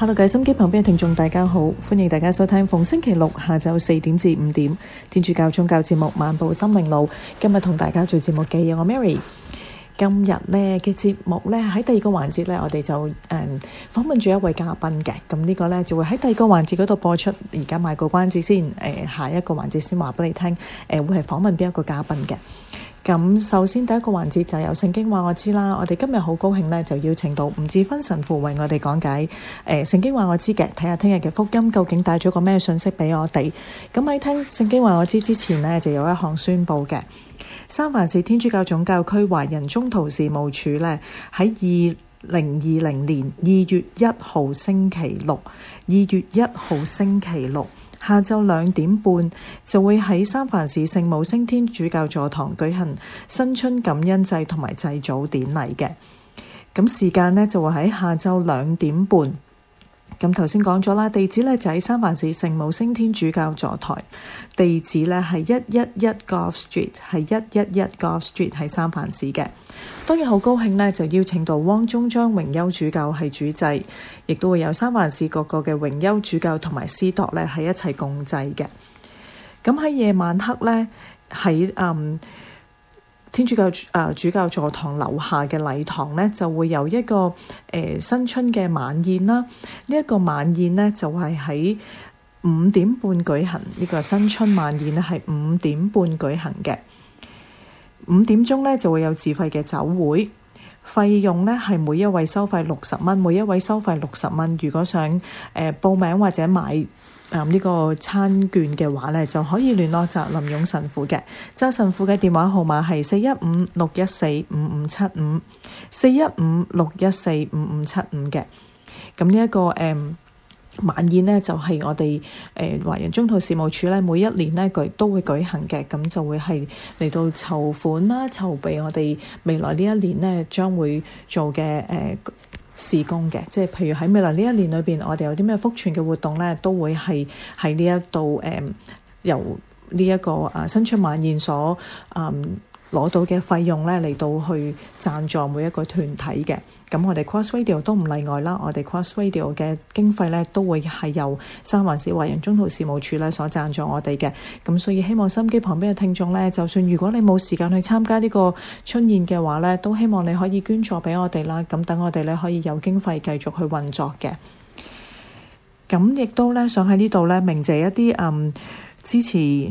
Hello，各位心機旁邊嘅聽眾，大家好，歡迎大家收聽逢星期六下晝四點至五點天主教宗教節目《漫步心靈路》。今日同大家做節目嘅有我 Mary，今日呢嘅節目呢喺，第二個環節呢，我哋就誒，訪問住一位嘉賓嘅。咁呢個呢就會喺第二個環節嗰度播出。而家賣個關子先，誒，下一個環節先話俾你聽，誒會係訪問邊一個嘉賓嘅。咁首先第一個環節就由聖經話我知啦，我哋今日好高興呢，就邀請到吳志芬神父為我哋講解。誒、呃，聖經話我知嘅，睇下聽日嘅福音究竟帶咗個咩信息俾我哋。咁喺聽聖經話我知之前呢，就有一項宣佈嘅。三藩市天主教總教區華人中途事務處呢，喺二零二零年二月一號星期六，二月一號星期六。下晝兩點半就會喺三藩市聖母升天主教座堂舉行新春感恩祭同埋祭祖典禮嘅，咁時間呢，就會喺下晝兩點半。咁頭先講咗啦，地址咧就喺三藩市聖母升天主教座台，地址咧係一一一 Golf Street，係一一一 Golf Street 喺三藩市嘅。當然好高興呢，就邀請到汪宗章榮休主教係主祭，亦都會有三藩市各個嘅榮休主教同埋司鐸咧係一齊共祭嘅。咁喺夜晚黑咧喺嗯。天主教啊，主教座堂樓下嘅禮堂呢，就會有一個誒、呃、新春嘅晚宴啦。呢、這、一個晚宴呢，就係喺五點半舉行。呢、這個新春晚宴呢，係五點半舉行嘅。五點鐘呢，就會有自費嘅酒會，費用呢，係每一位收費六十蚊，每一位收費六十蚊。如果想誒、呃、報名或者買呢個餐券嘅話咧，就可以聯絡澤林勇神父嘅。澤神父嘅電話號碼係四一五六一四五五七五，四一五六一四五五七五嘅。咁呢一個誒、um, 晚宴咧，就係、是、我哋誒華人宗徒事務處咧，每一年咧舉都會舉行嘅。咁就會係嚟到籌款啦，籌備我哋未來呢一年咧，將會做嘅誒。Uh, 試工嘅，即係譬如喺未來呢一年裏邊，我哋有啲咩福傳嘅活動咧，都會係喺呢一度誒，由呢、這、一個啊、呃、新春晚宴所啊，呃攞到嘅費用咧嚟到去贊助每一個團體嘅，咁我哋 Cross Radio 都唔例外啦。我哋 Cross Radio 嘅經費咧都會係由三藩市華人中途事務處咧所贊助我哋嘅。咁所以希望心機旁邊嘅聽眾呢，就算如果你冇時間去參加呢個春宴嘅話咧，都希望你可以捐助俾我哋啦。咁等我哋咧可以有經費繼續去運作嘅。咁亦都呢，想喺呢度呢，鳴謝一啲、嗯、支持。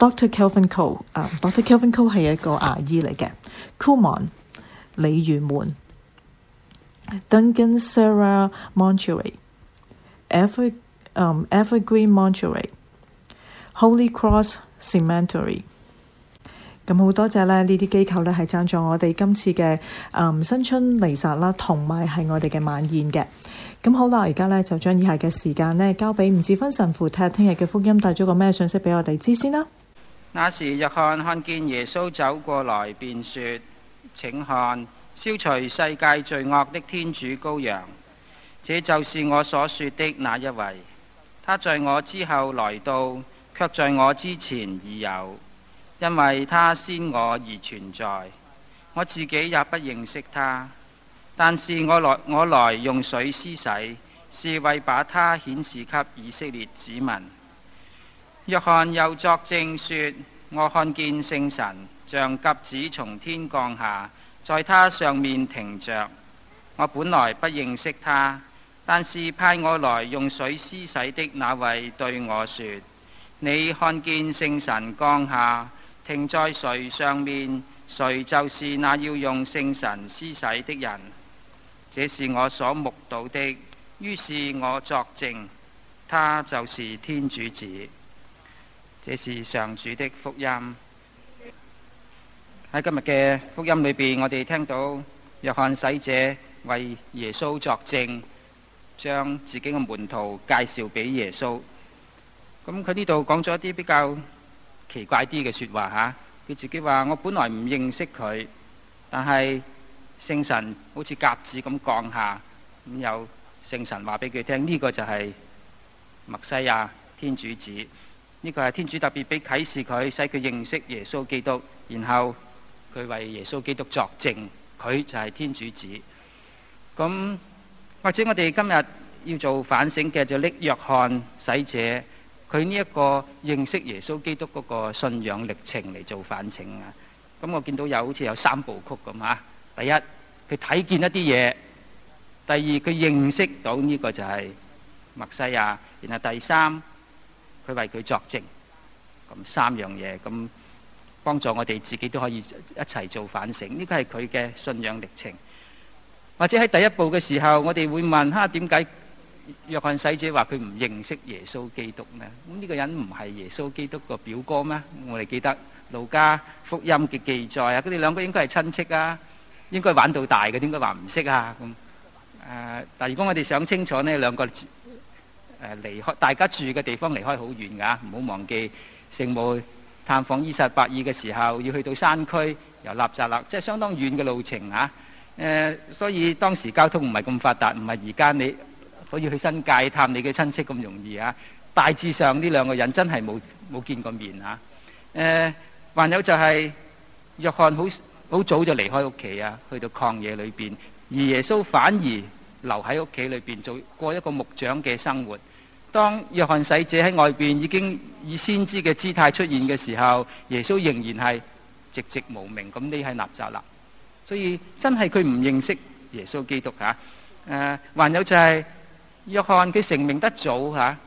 Dr. Kelvin Cole、uh, Dr. Kelvin Cole 係一個牙醫嚟嘅 Cumon 鯉魚門 Dungen Sera Monterey Ever、um, Evergreen Monterey Holy Cross Cemetery 咁好、嗯、多謝呢呢啲機構呢係讚助我哋今次嘅、嗯、新春彌撒啦同埋係我哋嘅晚宴嘅咁、嗯、好啦而家呢就將以下嘅時間呢交俾吳志芬神父睇下聽日嘅福音帶咗個咩信息畀我哋知先啦那時若翰看見耶穌走過來，便說，請看，消除世界罪惡的天主羔羊，這就是我所說的那一位。他在我之後來到，却在我之前已有，因為他先我而存在。我自己也不認識他，但是我來我來用水施洗，是為把他顯示給以色列子民。約翰又作證說：我看見聖神像鴿子從天降下，在他上面停着。我本來不認識他，但是派我來用水施洗的那位對我說：你看見聖神降下，停在誰上面，誰就是那要用聖神施洗的人。這是我所目睹的，於是我作證，他就是天主子。這是上主的福音。喺今日嘅福音裏邊，我哋聽到若翰洗者為耶穌作證，將自己嘅門徒介紹俾耶穌。咁佢呢度講咗一啲比較奇怪啲嘅說話吓，佢自己話：我本來唔認識佢，但係聖神好似鴿子咁降下，咁有聖神話俾佢聽，呢、這個就係默西亞天主子。呢個係天主特別俾啟示佢，使佢認識耶穌基督，然後佢為耶穌基督作證，佢就係天主子。咁或者我哋今日要做反省嘅，就拎約翰使者，佢呢一個認識耶穌基督嗰個信仰歷程嚟做反省啊！咁我見到有好似有三部曲咁吓，第一佢睇見一啲嘢，第二佢認識到呢個就係默西亞，然後第三。佢為佢作證，咁三樣嘢，咁幫助我哋自己都可以一齊做反省。呢個係佢嘅信仰歷程，或者喺第一步嘅時候，我哋會問：哈點解約翰使者話佢唔認識耶穌基督呢？咁呢個人唔係耶穌基督個表哥咩？我哋記得路加福音嘅記載啊，佢哋兩個應該係親戚啊，應該玩到大嘅，點解話唔識啊？咁誒，但係如果我哋想清楚呢，兩個。離開大家住嘅地方離開好遠噶，唔好忘記聖母探訪伊撒伯爾嘅時候，要去到山區，由納扎勒，即係相當遠嘅路程啊！誒、呃，所以當時交通唔係咁發達，唔係而家你可以去新界探你嘅親戚咁容易啊！大致上呢兩個人真係冇冇見過面啊！誒、呃，還有就係、是、約翰好好早就離開屋企啊，去到曠野裏邊，而耶穌反而留喺屋企裏邊做過一個木匠嘅生活。當約翰使者喺外邊已經以先知嘅姿態出現嘅時候，耶穌仍然係籍籍無名，咁匿喺納扎啦。所以真係佢唔認識耶穌基督吓。誒、啊啊，還有就係、是、約翰佢成名得早吓、啊，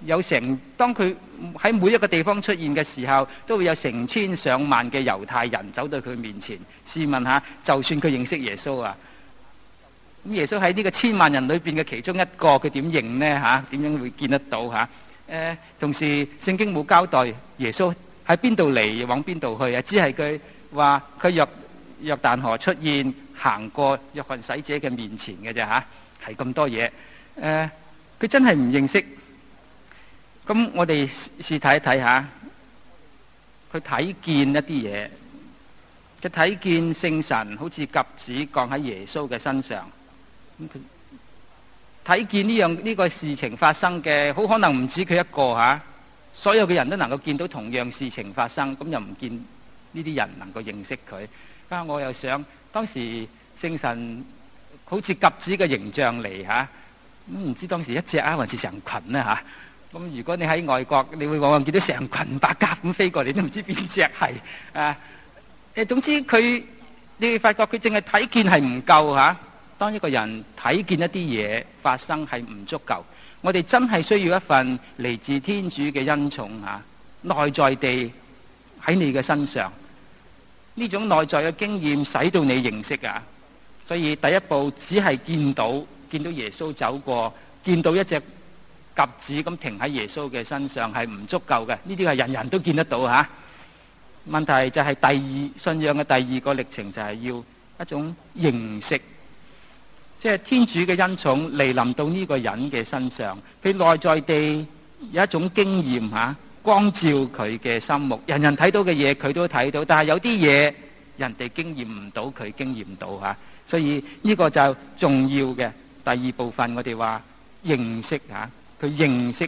有成當佢喺每一個地方出現嘅時候，都會有成千上萬嘅猶太人走到佢面前。試問下：「就算佢認識耶穌啊？咁耶穌喺呢個千萬人裏邊嘅其中一個，佢點認呢？嚇，點樣會見得到嚇？誒，同時聖經冇交代耶穌喺邊度嚟，往邊度去啊？只係佢話佢若約旦河出現，行過約翰使者嘅面前嘅啫嚇，係咁多嘢。誒，佢真係唔認識。咁我哋試睇一睇嚇，佢睇見一啲嘢，佢睇見聖神好似鴿子降喺耶穌嘅身上。睇見呢樣呢個事情發生嘅，好可能唔止佢一個吓，所有嘅人都能夠見到同樣事情發生，咁又唔見呢啲人能夠認識佢。啊，我又想當時聖神好似鴿子嘅形象嚟，吓，唔知當時一隻啊，還是成群呢？吓？咁如果你喺外國，你會往往見到成群白鴿咁飛過嚟，你都唔知邊隻係啊？誒，總之佢，你會發覺佢淨係睇見係唔夠吓。當一個人睇見一啲嘢發生係唔足夠，我哋真係需要一份嚟自天主嘅恩寵啊！內在地喺你嘅身上，呢種內在嘅經驗使到你認識啊！所以第一步只係見到見到耶穌走過，見到一隻鴿子咁停喺耶穌嘅身上係唔足夠嘅。呢啲係人人都見得到吓，問題就係第二，信仰嘅第二個歷程就係要一種認識。即係天主嘅恩寵嚟臨到呢個人嘅身上，佢內在地有一種經驗吓，光照佢嘅心目。人人睇到嘅嘢佢都睇到，但係有啲嘢人哋經驗唔到，佢經驗到吓。所以呢個就重要嘅第二部分，我哋話認識吓，佢認識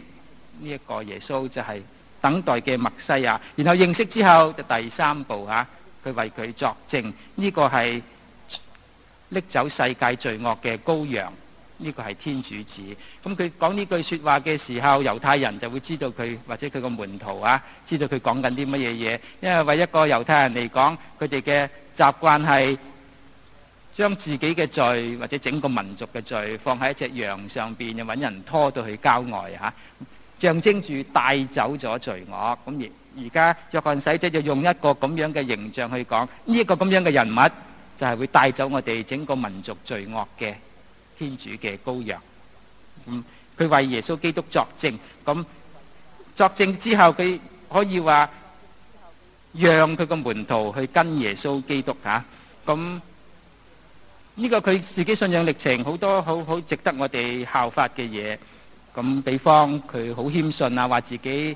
呢一個耶穌就係等待嘅默西亞。然後認識之後就第三步吓，佢為佢作證。呢個係。拎走世界罪惡嘅羔羊，呢、這個係天主子。咁佢講呢句說話嘅時候，猶太人就會知道佢或者佢個門徒啊，知道佢講緊啲乜嘢嘢。因為為一個猶太人嚟講，佢哋嘅習慣係將自己嘅罪或者整個民族嘅罪放喺一隻羊上邊，又搵人拖到去郊外吓、啊，象徵住帶走咗罪惡。咁而而家約翰洗者就用一個咁樣嘅形象去講呢、這個咁樣嘅人物。就係會帶走我哋整個民族罪惡嘅天主嘅羔羊。嗯，佢為耶穌基督作證，咁作證之後佢可以話讓佢個門徒去跟耶穌基督吓，咁呢個佢自己信仰歷程好多好好值得我哋效法嘅嘢，咁比方佢好謙遜啊，話自己。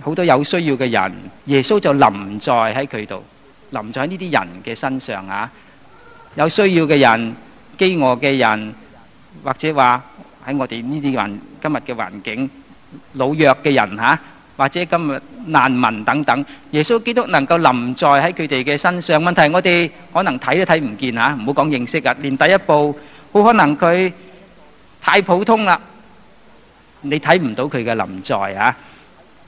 好多有需要嘅人，耶穌就臨在喺佢度，臨在喺呢啲人嘅身上啊！有需要嘅人、飢餓嘅人，或者話喺我哋呢啲環今日嘅環境，老弱嘅人啊，或者今日難民等等，耶穌基督能夠臨在喺佢哋嘅身上。問題我哋可能睇都睇唔見啊！唔好講認識啊，連第一步，好可能佢太普通啦，你睇唔到佢嘅臨在啊！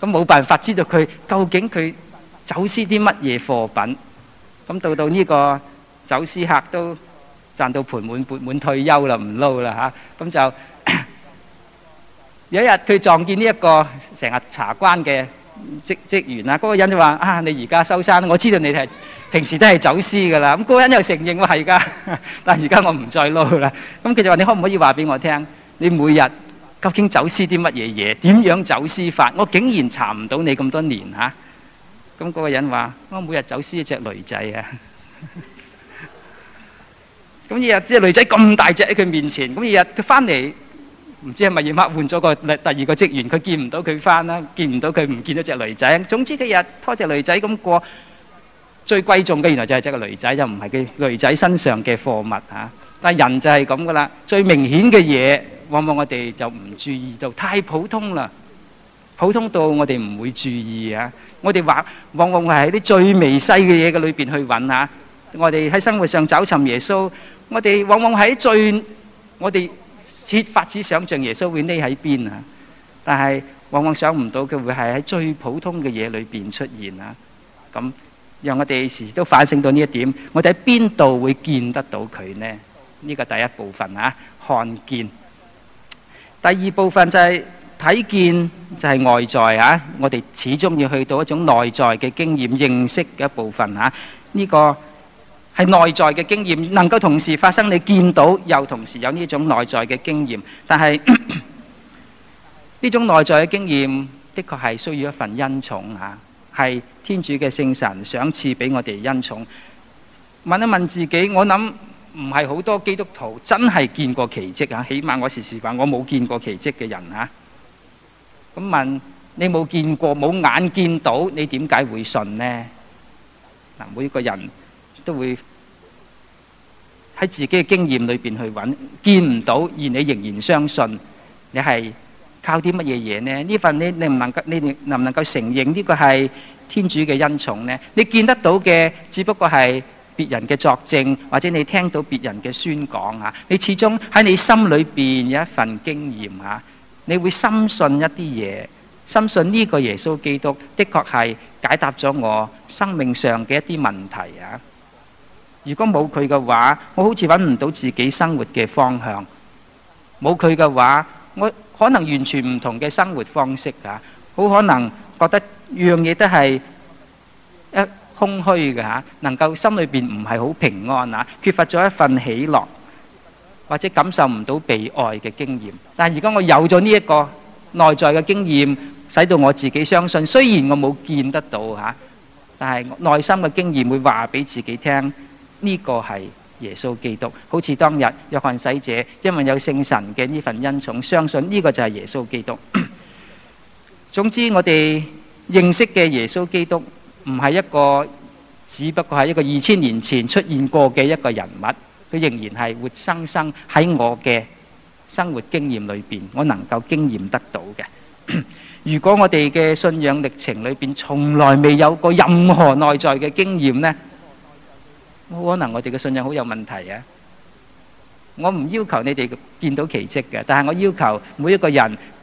咁冇辦法知道佢究竟佢走私啲乜嘢貨品，咁到到呢個走私客都賺到盆滿缽滿退休啦，唔撈啦嚇，咁就有一日佢撞見呢一個成日查關嘅職職員啊，嗰個人就話：啊，你而家收山，我知道你係平時都係走私㗎啦。咁嗰個人又承認話係㗎，但係而家我唔再撈啦。咁佢就話：你可唔可以話俾我聽，你每日？究竟走私啲乜嘢嘢？點樣走私法？我竟然查唔到你咁多年嚇！咁嗰個人話：我每日走私一隻雷仔啊！咁日日隻雷仔咁大隻喺佢面前，咁日日佢翻嚟，唔知係咪夜晚換咗個第第二個職員？佢見唔到佢翻啦，見唔到佢唔見到隻雷仔。總之佢日拖隻雷仔咁過，最貴重嘅原來就係隻個雷仔，就唔係佢雷仔身上嘅貨物嚇。但係人就係咁噶啦，最明顯嘅嘢。往往我哋就唔注意到太普通啦，普通到我哋唔會注意啊。我哋話，往往係喺啲最微細嘅嘢嘅裏邊去揾吓。我哋喺生活上找尋耶穌，我哋往往喺最我哋設法子想象耶穌會匿喺邊啊。但係往往想唔到佢會係喺最普通嘅嘢裏邊出現啊。咁讓我哋時時都反省到呢一點，我哋喺邊度會見得到佢呢？呢個第一部分啊，看見。第二部分就係、是、睇見就係外在啊，我哋始終要去到一種內在嘅經驗認識嘅一部分啊。呢、這個係內在嘅經驗，能夠同時發生你見到又同時有呢種內在嘅經驗，但係呢種內在嘅經驗的確係需要一份恩寵啊，係天主嘅聖神賞賜俾我哋恩寵。問一問自己，我諗。唔係好多基督徒真係見過奇蹟呀，起碼我時時話我冇見過奇蹟嘅人呀。咁問你冇見過、冇眼見到，你點解會信呢？嗱，每個人都會喺自己嘅經驗裏邊去揾，見唔到而你仍然相信，你係靠啲乜嘢嘢呢？呢份你你唔能夠你能唔能夠承認呢個係天主嘅恩寵呢？你見得到嘅只不過係。別人嘅作證，或者你聽到別人嘅宣講啊，你始終喺你心裏邊有一份經驗啊，你會深信一啲嘢，深信呢個耶穌基督的確係解答咗我生命上嘅一啲問題啊。如果冇佢嘅話，我好似揾唔到自己生活嘅方向；冇佢嘅話，我可能完全唔同嘅生活方式啊，好可能覺得樣嘢都係。空虛嘅，吓，能夠心裏邊唔係好平安啊，缺乏咗一份喜樂，或者感受唔到被愛嘅經驗。但係如果我有咗呢一個內在嘅經驗，使到我自己相信，雖然我冇見得到吓，但係內心嘅經驗會話俾自己聽，呢個係耶穌基督。好似當日若翰洗者，因為有聖神嘅呢份恩寵，相信呢個就係耶穌基督。總之，我哋認識嘅耶穌基督。唔係一個，只不過係一個二千年前出現過嘅一個人物，佢仍然係活生生喺我嘅生活經驗裏邊，我能夠經驗得到嘅。如果我哋嘅信仰歷程裏邊從來未有過任何內在嘅經驗呢，可能我哋嘅信仰好有問題啊！我唔要求你哋見到奇蹟嘅，但係我要求每一個人。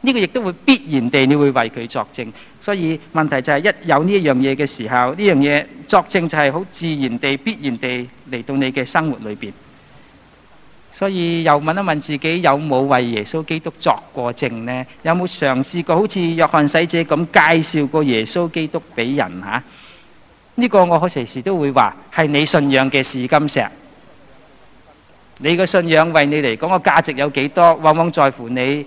呢個亦都會必然地，你會為佢作證。所以問題就係一有呢一樣嘢嘅時候，呢樣嘢作證就係好自然地、必然地嚟到你嘅生活裏邊。所以又問一問自己，有冇為耶穌基督作過證呢？有冇嘗試過好似約翰使者咁介紹過耶穌基督俾人吓？呢個我可隨時都會話，係你信仰嘅試金石。你嘅信仰為你嚟講個價值有幾多，往往在乎你。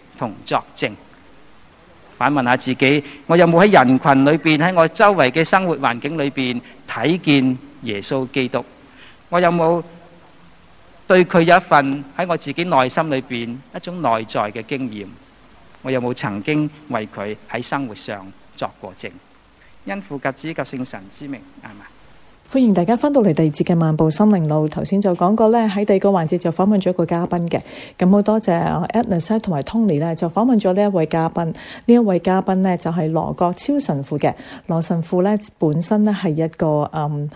同作證，反問下自己：我有冇喺人群裏邊，喺我周圍嘅生活環境裏邊睇見耶穌基督？我有冇對佢有一份喺我自己內心裏邊一種內在嘅經驗？我有冇曾經為佢喺生活上作過證？因父及子及聖神之名，啱嘛？歡迎大家返到嚟第二節嘅漫步森林路。頭先就講過咧，喺第二個環節就訪問咗一個嘉賓嘅。咁好多謝 Alice 同埋 Tony 咧，就訪問咗呢一位嘉賓。呢一位嘉賓咧就係羅國超神父嘅。羅神父咧本身咧係一個嗯。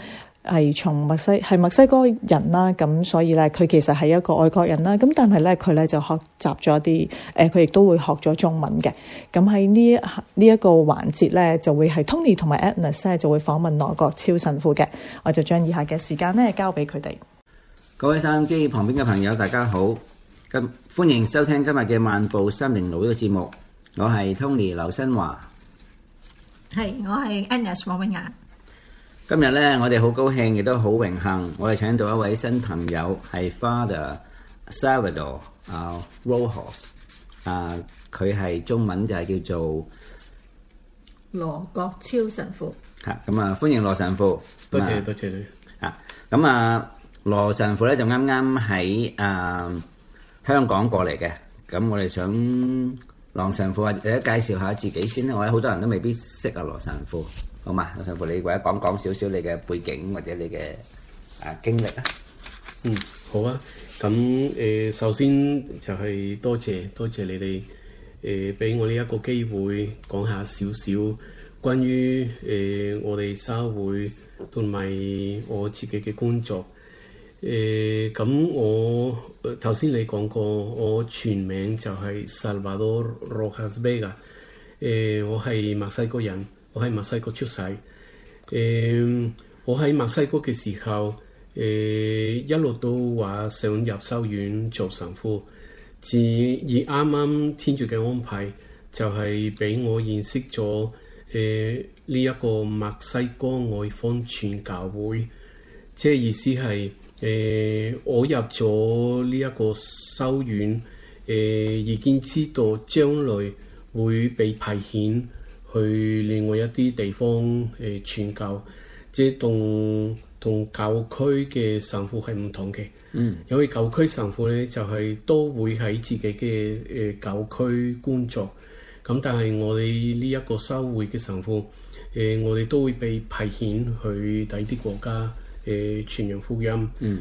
係從墨西係墨西哥人啦，咁所以咧，佢其實係一個外國人啦。咁但係咧，佢咧就學習咗一啲，誒佢亦都會學咗中文嘅。咁喺、這個、呢呢一個環節咧，就會係 Tony 同埋 Edna 就會訪問羅國超神父嘅。我就將以下嘅時間咧交俾佢哋。各位收音機旁邊嘅朋友，大家好，今歡迎收聽今日嘅《漫步心靈路》嘅節目，我係 Tony 劉新華。係，我係 Edna 黃文雅。今日咧，我哋好高興，亦都好榮幸，我哋請到一位新朋友，係 Father Salvador 啊，Rojas 啊，佢係中文就係叫做羅國超神父。吓、啊，咁啊，歡迎羅神父，多謝你、啊、多謝你啊剛剛。啊，咁啊，羅神父咧就啱啱喺誒香港過嚟嘅，咁、啊嗯、我哋想羅神父啊，你、啊、都介紹下自己先啦，我哋好多人都未必識啊，羅神父。好嘛，我想同你或者講講少少你嘅背景或者你嘅啊經歷啊。嗯，好啊。咁誒首先就係多謝多謝你哋誒俾我呢一個機會講下少少關於誒我哋社會同埋我自己嘅工作。誒咁我頭先你講過，我全名就係 Salvador Rojas Vega，誒我係墨西哥人。我喺墨西哥出世，誒、呃，我喺墨西哥嘅時候，誒、呃，一路都話想入修院做神父，至於啱啱天主嘅安排，就係俾我認識咗誒呢一個墨西哥外方傳教會，即係意思係誒、呃、我入咗呢一個修院，誒、呃、已經知道將來會被派遣，去另外一啲地方誒、呃、傳教，即係同同教區嘅神父係唔同嘅。嗯，因為教區神父咧就係、是、都會喺自己嘅誒教區工作，咁但係我哋呢一個修會嘅神父誒、呃，我哋都會被派遣去第啲國家誒、呃、傳揚福音。嗯，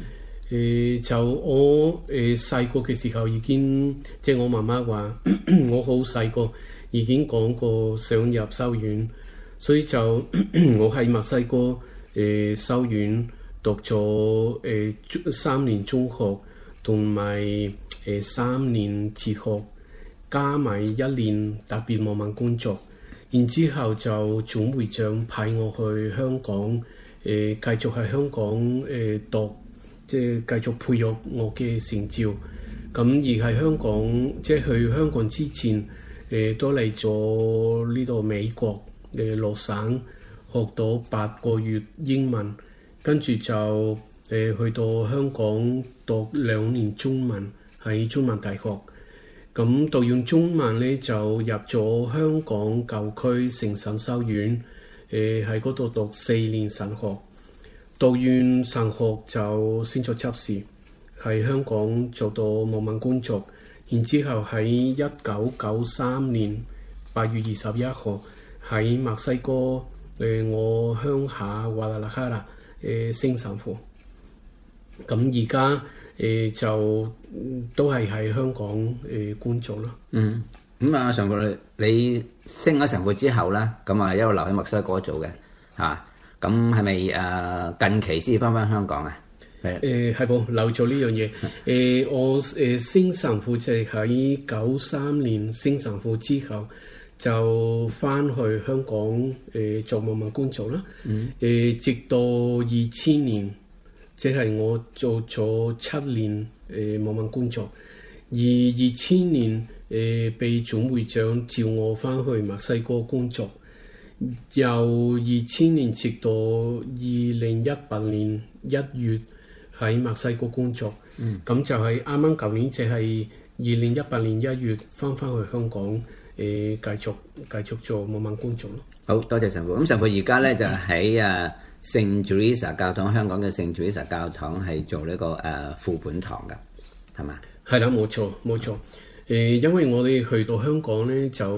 誒、呃、就我誒細個嘅時候已經，即係我媽媽話 我好細個。已經講過想入修院，所以就 我喺墨西哥誒、呃、修院讀咗誒、呃、三年中學，同埋誒三年哲學，加埋一年特別牧民工作，然之後就總會長派我去香港誒，繼、呃、續喺香港誒、呃、讀，即係繼續培育我嘅聖召。咁而喺香港，即係去香港之前。誒、呃、都嚟咗呢度美國誒羅省學到八個月英文，跟住就誒、呃、去到香港讀兩年中文喺中文大學。咁、嗯、讀完中文咧就入咗香港舊區聖神修院，誒喺嗰度讀四年神學。讀完神學就先做執事，喺香港做到牧民工作。然之後喺一九九三年八月二十一號喺墨西哥，誒我鄉下瓦拉拉哈啦誒升神父，咁而家誒就都係喺香港誒工作咯。嗯，咁啊，常哥你升咗神父之後咧，咁啊一路留喺墨西哥做嘅嚇，咁係咪誒近期先翻返香港啊？誒係噃留咗呢樣嘢。誒、呃、我誒、呃、升神父就係喺九三年升神父之後就翻去香港誒、呃、做牧民工作啦。誒、呃、直到二千年，即係我做咗七年誒牧民工作。而二千年誒、呃、被總會長召我翻去墨西哥工作。由二千年直到二零一八年一月。喺墨西哥工作，咁、嗯、就係啱啱舊年就係二零一八年一月翻翻去香港，誒、呃、繼續繼續做慢慢工作咯。好多謝神父咁，神父而家咧就喺聖 Joelisa 教堂，香港嘅聖 Joelisa 教堂係做呢、這個誒、呃、副本堂㗎，係嘛？係啦，冇錯冇錯。誒、呃，因為我哋去到香港咧，就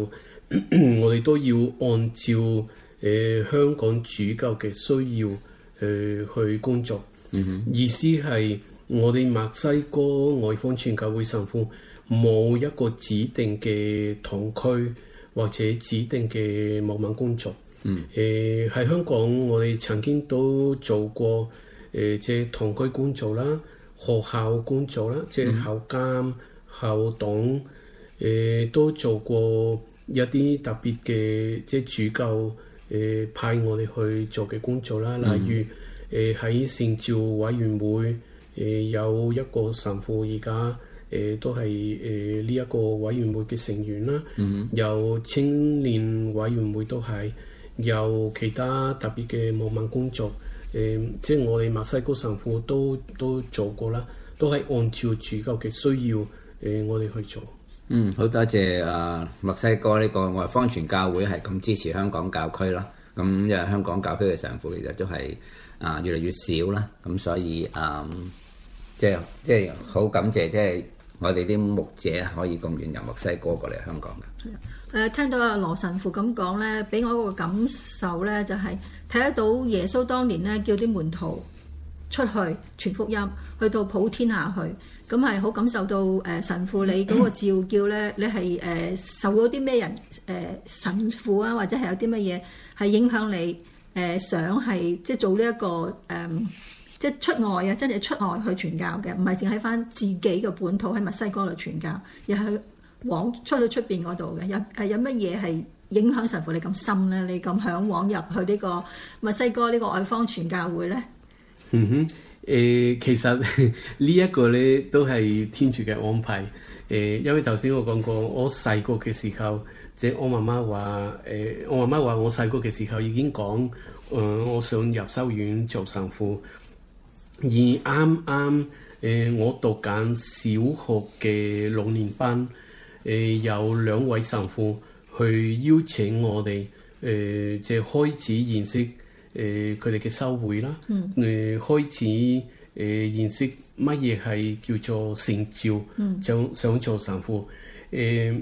我哋都要按照誒、呃、香港主教嘅需要去、呃、去工作。Mm hmm. 意思係我哋墨西哥外方傳教會神父冇一個指定嘅堂區或者指定嘅網民工作。誒喺、mm hmm. 呃、香港我哋曾經都做過誒即係堂區工作啦、學校工作啦、即、就、係、是、校監、mm hmm. 校董誒、呃、都做過一啲特別嘅即係主教誒、呃、派我哋去做嘅工作啦，例如。Mm hmm. 誒喺聖召委員會，誒、呃、有一個神父，而家誒都係誒呢一個委員會嘅成員啦。嗯、哼有青年委員會都係，有其他特別嘅牧民工作。誒、呃，即係我哋墨西哥神父都都做過啦，都係按照主教嘅需要誒、呃，我哋去做。嗯，好多謝啊！墨西哥呢、這個外、哦、方傳教會係咁支持香港教區啦。咁、嗯、因為香港教區嘅神父其實都係。啊，越嚟越少啦，咁、嗯、所以誒、嗯，即係即係好感謝，即係我哋啲牧者可以咁遠由墨西哥過嚟香港嘅。誒，聽到阿羅神父咁講咧，俾我個感受咧，就係睇得到耶穌當年咧叫啲門徒出去傳福音，去到普天下去，咁係好感受到誒、呃、神父你嗰、嗰個召叫咧，你係誒、呃、受咗啲咩人誒、呃、神父啊，或者係有啲乜嘢係影響你？誒、呃、想係即係做呢一個誒，即係、這個嗯、出外啊！真係出外去傳教嘅，唔係淨喺返自己嘅本土喺墨西哥度傳教，又去往出到出邊嗰度嘅。有係有乜嘢係影響神父你咁深咧？你咁嚮往入，入去呢個墨西哥呢個外方傳教會咧？嗯哼，誒、呃、其實呢一個咧都係天主嘅安排。誒、呃，因為頭先我講過，我細個嘅時候。即係我媽媽話，誒、呃、我媽媽話我細個嘅時候已經講，誒、呃、我想入修院做神父。而啱啱誒我讀緊小學嘅六年班，誒、呃、有兩位神父去邀請我哋，誒、呃、即係開始認識誒佢哋嘅修會啦。誒、嗯呃、開始誒、呃、認識乜嘢係叫做聖召，想、嗯、想做神父。誒、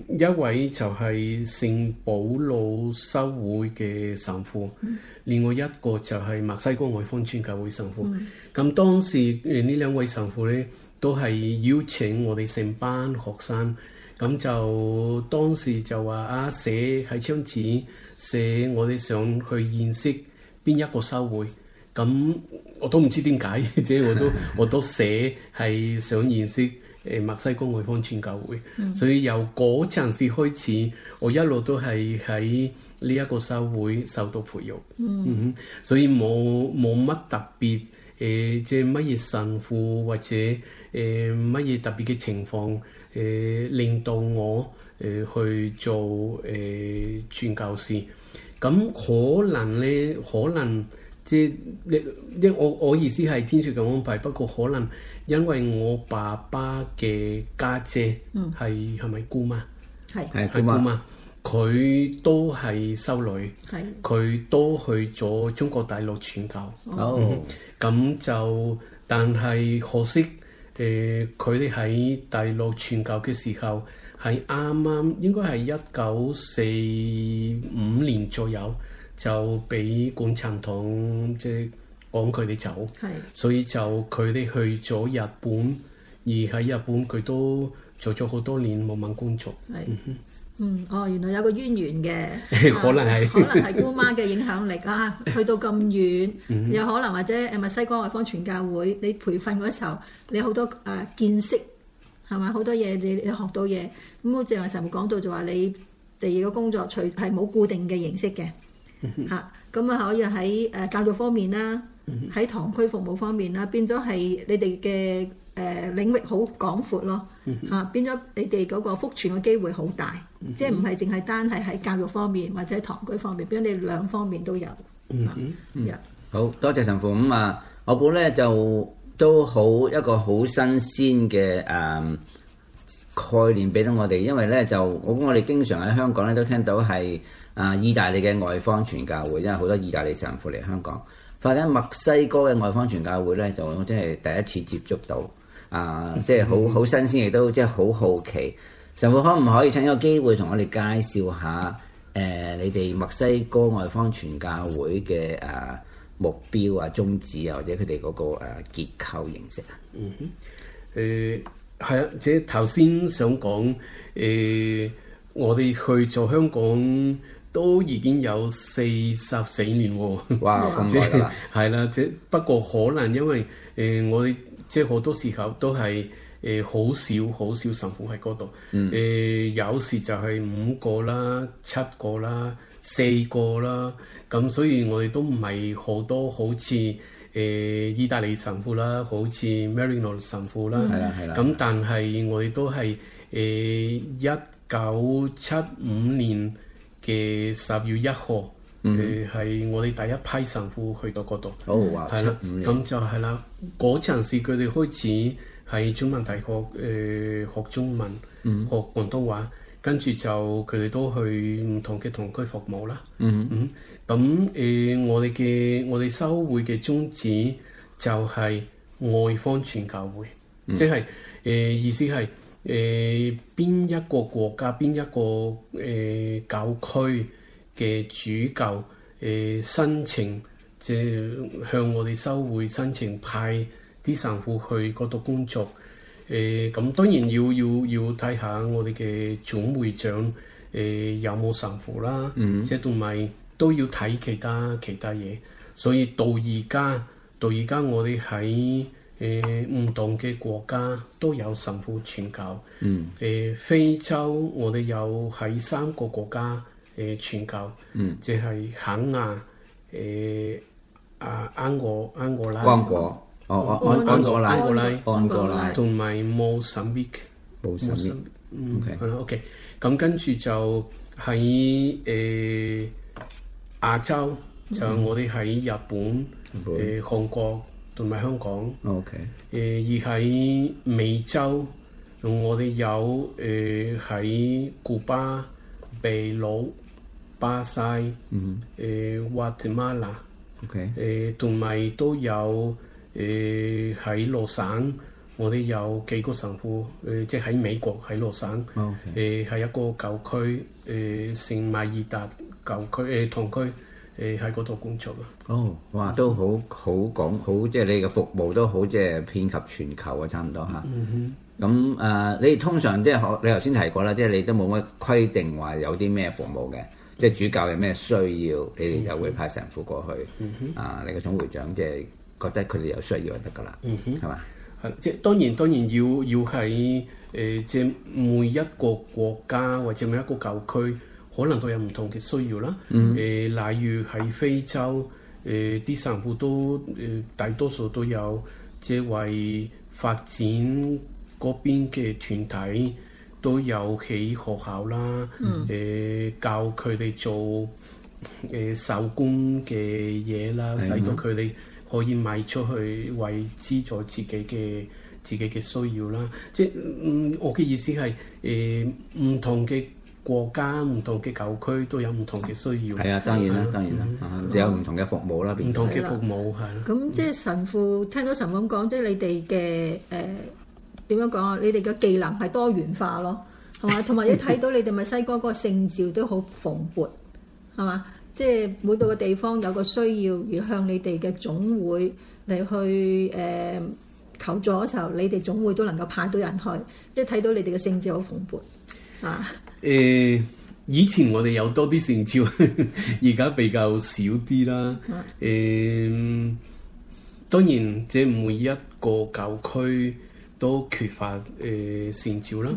呃、一位就係聖保羅修會嘅神父，嗯、另外一個就係墨西哥外方傳教會神父。咁、嗯嗯、當時誒呢兩位神父咧，都係邀請我哋成班學生。咁就當時就話啊，寫喺張紙寫我哋想去認識邊一個修會。咁、嗯、我都唔知點解，即 係我都我都寫係想認識。 誒，墨西哥外方傳教會，所以由嗰陣時開始，我一路都係喺呢一個修會受到培育，嗯哼，所以冇冇乜特別誒，即係乜嘢神父或者誒乜嘢特別嘅情況誒，令到我誒去做誒傳教士。咁可能咧，可能即係一一我我意思係天主嘅安排，不過可能。因為我爸爸嘅家姐係係咪姑媽？係係姑媽，佢都係修女，佢都去咗中國大陸傳教。哦咁就，但係可惜誒，佢哋喺大陸傳教嘅時候，係啱啱應該係一九四五年左右，就俾共產黨即係。講佢哋走，是所以就佢哋去咗日本，而喺日本佢都做咗好多年冇問工作。是嗯哼，嗯，哦，原來有個淵源嘅， 可能係是、啊、 可能係姑媽嘅影響力啊！去到咁遠，有、嗯、哼可能或者誒墨西哥外方傳教會，你培訓嗰時候，你好多誒、啊、見識係嘛，好多嘢你你學到嘢。咁好似話尋日講到就話你第二個工作，除係冇固定嘅形式嘅嚇，咁啊、嗯、可以喺誒教育方面啦。喺堂區服務方面咧，變咗係你哋嘅誒領域好廣闊咯嚇， 變咗你哋嗰個福傳嘅機會好大， 即係唔係淨係單係喺教育方面或者喺堂區方面，變咗你哋兩方面都有。嗯 是，好多謝神父咁啊、嗯！我估咧就都好一個好新鮮嘅誒、嗯、概念俾到我哋，因為咧就我估我哋經常喺香港咧都聽到係啊意大利嘅外方傳教會，因為好多意大利神父嚟香港。或者墨西哥嘅外方傳教會咧，就真係第一次接觸到，啊，即係好好新鮮，亦都即係好好奇。神父可唔可以趁一個機會同我哋介紹下，誒、呃，你哋墨西哥外方傳教會嘅誒、啊、目標啊、宗旨啊，或者佢哋嗰個誒、啊、結構形式啊？嗯哼，誒係啊，即係頭先想講，誒、呃，我哋去咗香港。都已經有四十四年喎！哇，咁耐啦，係啦，即不過可能因為誒我哋即係好多時候都係誒好少好少神父喺嗰度誒，有時就係五個啦、七個啦、四個啦咁，所以我哋都唔係好多，好似誒意大利神父啦，好似 Marino 神父啦，係啦係啦。咁但係我哋都係誒一九七五年，嘅十月一號，誒、mm，係、hmm. 呃、我哋第一批神父去到嗰度，好華。係啦，咁塞就係、嗯、啦。嗰陣時佢哋開始喺中文大學誒、呃、學中文，mm hmm. 學廣東話，跟住就佢哋都去唔同嘅堂區服務啦。嗯、mm hmm. 嗯，咁誒、呃，我哋嘅我哋修會嘅宗旨就係外方傳教會，即係誒意思係。呃誒邊，呃、一個國家邊一個誒教區嘅主教誒，呃、申請，即係向我哋修會申請派啲神父去嗰度工作。誒，呃、咁當然要要要睇下我哋嘅總會長誒，呃、有冇神父啦，mm hmm. 即係同埋都要睇其他其他嘢。所以到而家到而家我哋喺誒唔同嘅國家都有神父傳教。嗯。誒非洲我哋有喺三個國家誒傳教。嗯。即係肯亞、誒啊安哥安哥拉。安哥。哦安安哥拉安哥拉。安哥拉。同埋莫桑比克。莫桑。嗯。O K。O K。咁跟住就喺誒亞洲，就我哋喺日本、誒韓國。同埋香港，誒而喺美洲，我哋有誒喺古巴、秘魯、巴西、誒危地馬拉，誒同埋都有誒喺羅省，我哋有幾個神父，誒即喺美國喺羅省，誒喺一個舊區，誒聖瑪爾達舊區誒堂區。你喺嗰度工作啊？哦，哇，都好好講，好，好即係你嘅服務都好，即係遍及全球啊，差唔多吓。咁誒、嗯哼嗯呃，你哋通常即係可，你頭先提過啦，即係你都冇乜規定話有啲咩服務嘅，嗯、哼即係主教有咩需要，你哋就會派神父過去。嗯、哼啊，你個總會長即係覺得佢哋有需要就得噶啦，係嘛、嗯哼？係吧，即係當然當然要要喺誒、呃、即每一個國家或者每一個教區。可能都有唔同嘅需要啦。誒、mm hmm. 呃，例如喺非洲，誒啲神父都誒、呃、大多數都有，即為發展嗰邊嘅團體都有起學校啦。誒、mm hmm. 呃，教佢哋做誒、呃、手工嘅嘢啦，mm hmm. 使到佢哋可以賣出去，為資助自己嘅自己嘅需要啦。即係、呃，我嘅意思係誒唔同嘅。國家唔同嘅舊區都有唔同嘅需要。係啊，當然啦，當然啦，嗯、有唔同嘅服務啦。唔、嗯、同嘅服務係。咁、啊啊、即係神父聽到神父咁講，即係、嗯、你哋嘅誒點樣講啊？你哋嘅技能係多元化咯，係嘛？ 同埋一睇到你哋墨西哥嗰個聖召都好蓬勃，係嘛？即、就、係、是、每到個地方有個需要要向你哋嘅總會嚟去誒、呃、求助嘅時候，你哋總會都能夠派到人去。即係睇到你哋嘅聖召好蓬勃。啊！誒，uh, 以前我哋有多啲聖召，而 家比較少啲啦。誒，uh. uh, 當然，即每一個教區都缺乏誒聖召啦。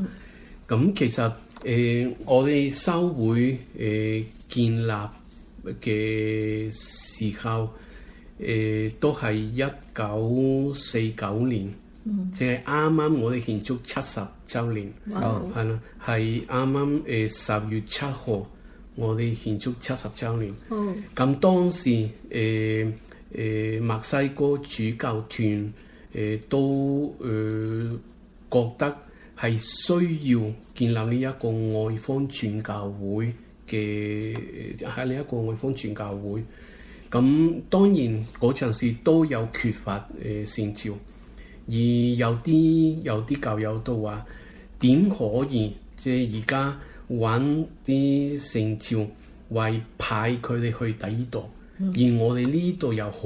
咁、mm. 嗯、其實誒、呃，我哋修會誒、呃、建立嘅時候誒、呃，都係一九四九年。即係啱啱我哋慶祝七十週年，哦、oh. 係、呃、啦，係啱啱誒十月七號，我哋慶祝七十週年。咁、oh. 當時誒誒墨西哥主教團誒、呃、都誒、呃、覺得係需要建立呢一個外方傳教會嘅喺呢一個外方傳教會。咁、嗯嗯、當然嗰陣時都有缺乏誒線照。呃而有啲有啲教友都話點可以？即係而家揾啲聖召為派佢哋去第二度，而我哋呢度有好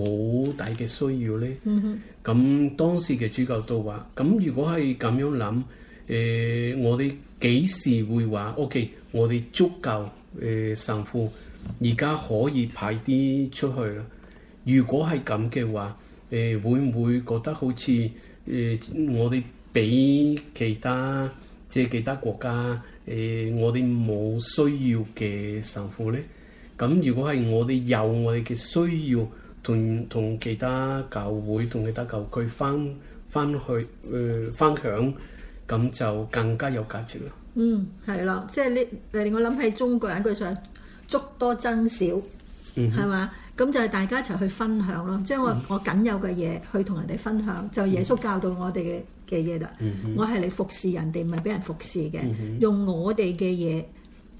大嘅需要咧。咁、mm hmm. 當時嘅主教都話，咁如果係咁樣諗，誒、呃、我哋幾時會話 OK？我哋足夠誒、呃、神父而家可以派啲出去啦。如果係咁嘅話，誒、呃、會唔會覺得好似？誒、呃，我哋俾其他即係其他國家誒、呃，我哋冇需要嘅神父咧。咁如果係我哋有我哋嘅需要，同同其他教會同其他教區翻翻去誒分，分、呃、分享，咁就更加有價值咯。嗯，係啦，即係呢令我諗起中國人佢想捉多增少。係嘛？咁、嗯、就係大家一齊去分享咯，將、就、我、是、我僅有嘅嘢、嗯、哼去同人哋分享，就耶穌教導我哋嘅嘢啦。嗯、哼我係嚟服侍人哋，唔係俾人服侍嘅。嗯、哼用我哋嘅嘢，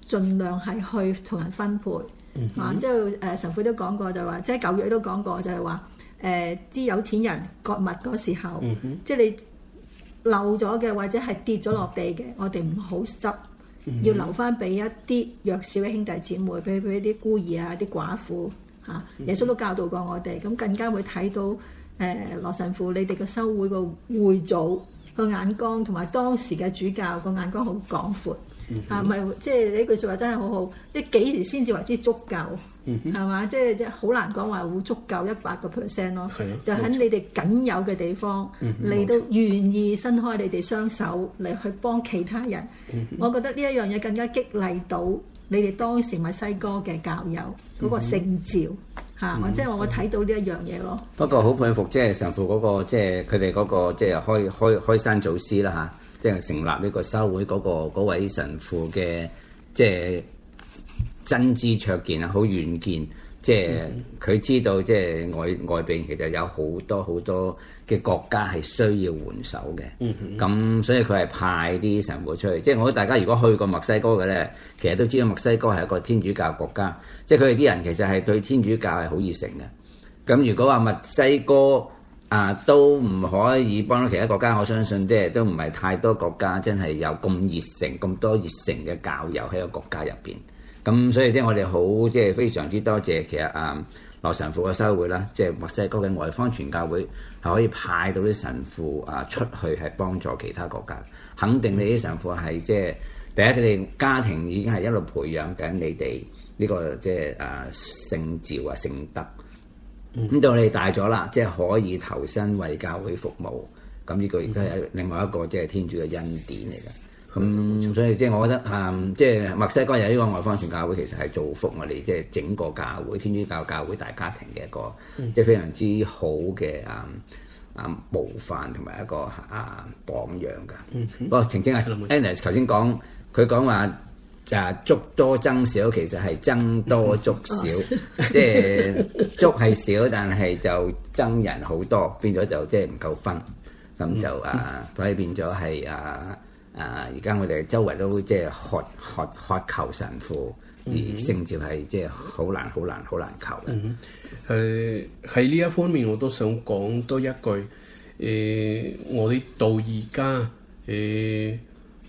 盡量係去同人分配。嗯、哼啊，之後誒神父都講過，就係話，即係舊約都講過就，就係話誒啲有錢人割物嗰時候，即係、嗯、哼你漏咗嘅，或者係跌咗落地嘅，我哋唔好執。要留翻俾一啲弱小嘅兄弟姐妹，譬如俾一啲孤兒啊、一啲寡婦嚇、啊，耶穌都教導過我哋，咁更加會睇到誒、呃、羅神父，你哋個修會個會組個眼光，同埋當時嘅主教個眼光好廣闊。嚇咪即係呢句説話真係好好，即係幾時先至為之足夠？係嘛，嗯哼？即係即係好難講話會足夠一百個 percent 咯。是就喺你哋僅有嘅地方嚟、嗯、哼到願意伸開你哋雙手嚟去幫其他人。嗯、哼我覺得呢一樣嘢更加激勵到你哋當時墨西哥嘅教友嗰、嗯、哼個聖召即我即係話我睇到呢一樣嘢咯。不過好佩服即係神父嗰、嗰個，即係佢哋嗰個即係開開開開，開山祖師啦嚇。啊啊即係成立呢個修會嗰、嗰個嗰位神父嘅，即係真知灼見啊，好遠見。即係佢、mm hmm. 知道，即係外外邊其實有好多好多嘅國家係需要援手嘅。咁、mm hmm. 所以佢係派啲神父出去。即係我覺得大家如果去過墨西哥嘅咧，其實都知道墨西哥係一個天主教國家。即係佢哋啲人其實係對天主教係好熱誠嘅。咁如果話墨西哥，啊，都唔可以幫到其他國家。我相信即係都唔係太多國家真係有咁熱誠，咁多熱誠嘅教友喺個國家入邊。咁所以即係我哋好即係非常之多謝其實啊，羅神父嘅修會啦，即係墨西哥嘅外方傳教會係可以派到啲神父啊出去係幫助其他國家。肯定你啲神父係即係第一，佢哋家庭已經係一路培養緊你哋呢、這個即係、就是、啊聖召啊，聖德。咁到你大咗啦，即係可以投身為教會服務。咁呢個而家係另外一個即係天主嘅恩典嚟嘅。咁所以即係我覺得啊，即係墨西哥有呢個外方傳教會，其實係造福我哋即係整個教會、天主教教會大家庭嘅一個即係非常之好嘅啊啊模範同埋一個啊榜樣㗎。不過，澄清啊 Anna 頭先講佢講話。啊！粥多僧少，其實係僧多粥少，即係粥係少，但係就僧人好多，變咗就即係唔夠分，咁就啊，所以變咗係啊啊！而家我哋周圍都即係渴渴渴求神父，而聖召係即係好難、好難、好難求。誒喺呢一方面，我都想講多一句誒，我哋到而家誒。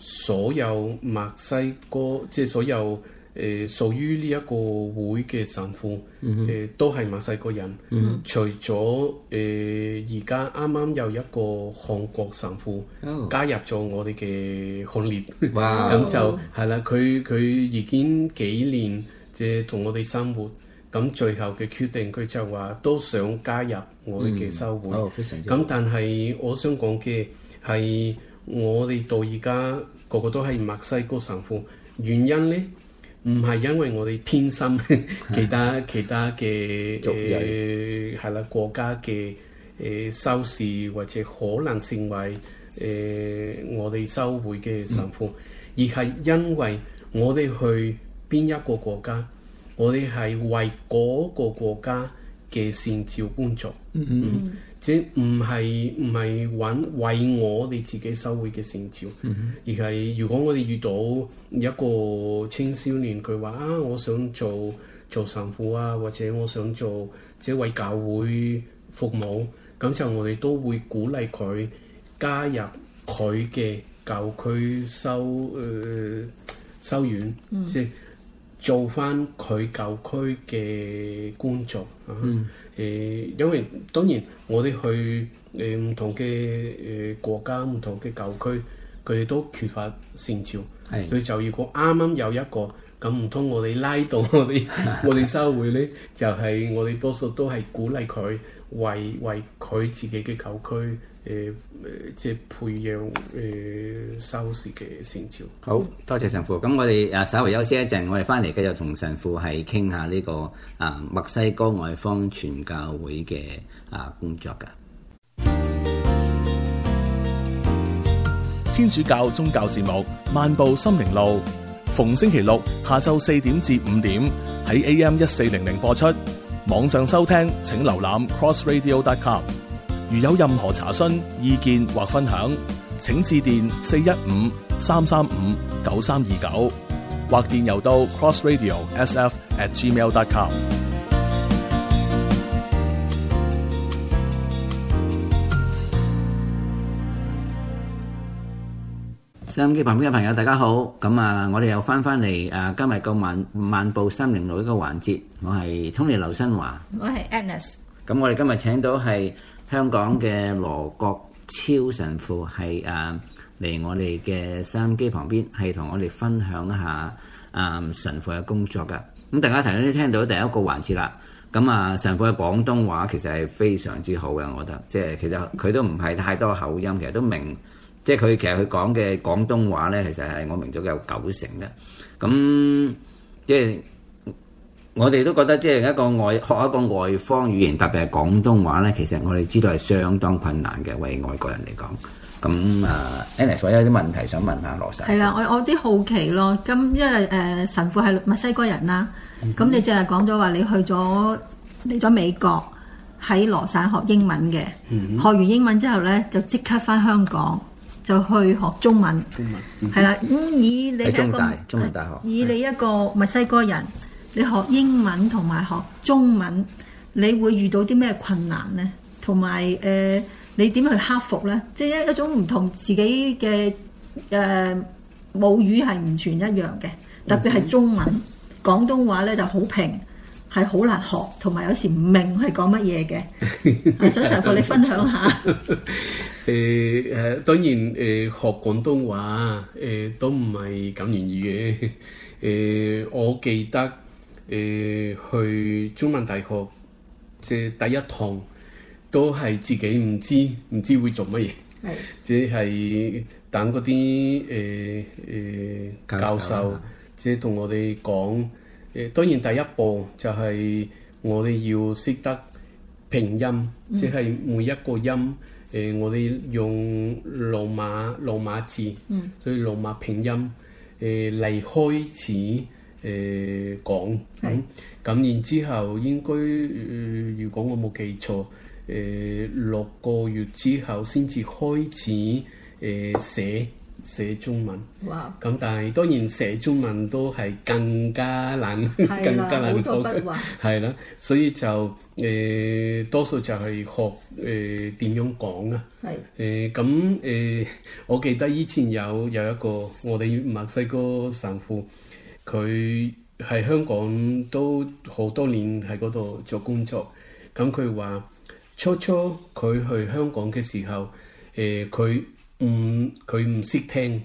所有墨西哥即係所有誒、呃、屬於呢一個會嘅神父誒、mm hmm. 呃、都係墨西哥人，mm hmm. 除咗誒而家啱啱有一個韓國神父、oh. 加入咗我哋嘅行列，咁 Wow. 就係啦，佢佢 Wow. 已經幾年即係同我哋生活，咁最後嘅決定佢就話都想加入我哋嘅修會，咁、mm. oh, 但係我想講嘅係我哋到而家。個個都係墨西哥神父，原因咧，唔係因為我哋偏心 其他其他嘅係人、呃、啦國家嘅誒、呃、收視或者可能成為誒、呃、我哋修會嘅神父，嗯、而係因為我哋去邊一個國家，我哋係為嗰個國家嘅善照工作。嗯，嗯。嗯即唔係唔係揾為我哋自己修會嘅成就，嗯、哼而係如果我哋遇到一個青少年，佢話啊，我想做做神父啊，或者我想做即係為教會服務，咁就我哋都會鼓勵佢加入佢嘅教區修誒、呃、修院，嗯、哼即係做翻佢教區嘅工作啊。嗯。誒，因為當然我，我哋去誒唔同嘅誒國家，唔同嘅舊區，佢哋都缺乏善照，的所以就如果啱啱有一個，咁唔通我哋拉到我哋 我哋社會呢，就係、是、我哋多數都係鼓勵佢為為佢自己嘅舊區。誒、呃呃、即係培養誒、呃、收視嘅成績。好多謝神父，咁我哋啊稍微休息一陣，我哋翻嚟繼續同神父係傾下呢、這個啊墨西哥外方傳教會嘅啊工作㗎。天主教宗教節目《漫步心靈路》，逢星期六下晝四點至五點喺 AM 一四零零播出，網上收聽請瀏覽 crossradio.com。如有任何查詢、意見或分享，請致電四一五三三五九三二九，或電郵到 crossradio sf at gmail dot com。收音機旁邊嘅朋友，大家好。咁啊，我哋又翻翻嚟誒，今日個漫漫步三零六呢個環節，我係 Tony 劉新華，我係 Annes。咁我哋今日請到係。香港嘅羅國超神父係啊嚟,我哋嘅收音機旁邊，係同我哋分享一下啊、嗯、神父嘅工作噶。咁、嗯、大家頭先都聽到第一個環節啦。咁、嗯、啊神父嘅廣東話其實係非常之好嘅，我覺得即係其實佢都唔係太多口音，其實都明，即係佢其實佢講嘅廣東話咧，其實係我明咗有九成嘅。咁、嗯、即係。我哋都覺得即係一個外學一個外方語言，特別係廣東話咧。其實我哋知道係相當困難嘅，為外國人嚟講。咁啊，Alex，我有啲問題想問下羅生。係啦，我我啲好奇咯。咁因為誒神父係墨西哥人啦。咁你淨係講咗話你去咗嚟咗美國，喺羅省學英文嘅，學完英文之後咧就即刻翻香港，就去學中文。中文係啦。咁以你一個喺中大中文大學，以你一個墨西哥人。你學英文同埋學中文，你會遇到啲咩困難呢？同埋誒，你點樣去克服呢？即係一一種唔同自己嘅誒、呃、母語係唔全一樣嘅，特別係中文、mm hmm. 廣東話咧就是、好平，係好難學，同埋有時唔明係講乜嘢嘅。想請你分享下。誒誒、 呃，當然誒、呃、學廣東話誒、呃、都唔係咁容易嘅。誒、呃，我記得。誒、呃，去中文大學即係第一堂，都係自己唔知唔知會做乜嘢，係即係等嗰啲誒誒教授、教授、啊、即係同我哋講。誒、呃，當然第一步就係我哋要識得拼音，嗯、即係每一個音。誒、呃，我哋用羅馬羅馬字，嗯、所以羅馬拼音誒嚟、呃、開始。誒、呃、講，咁、嗯、然後之後應該、呃，如果我冇記錯，誒、呃、六個月之後先至開始誒寫寫中文。哇！咁但係當然寫中文都係更加難，啊、更加難講。係啦，好多筆畫。係啦，所以就誒、呃、多數就係學誒點樣講啊。係、呃。誒咁誒，我記得以前有有一個我哋墨西哥神父。佢喺香港都好多年喺嗰度做工作，咁佢話初初佢去香港嘅時候，誒、呃，佢唔佢唔識聽，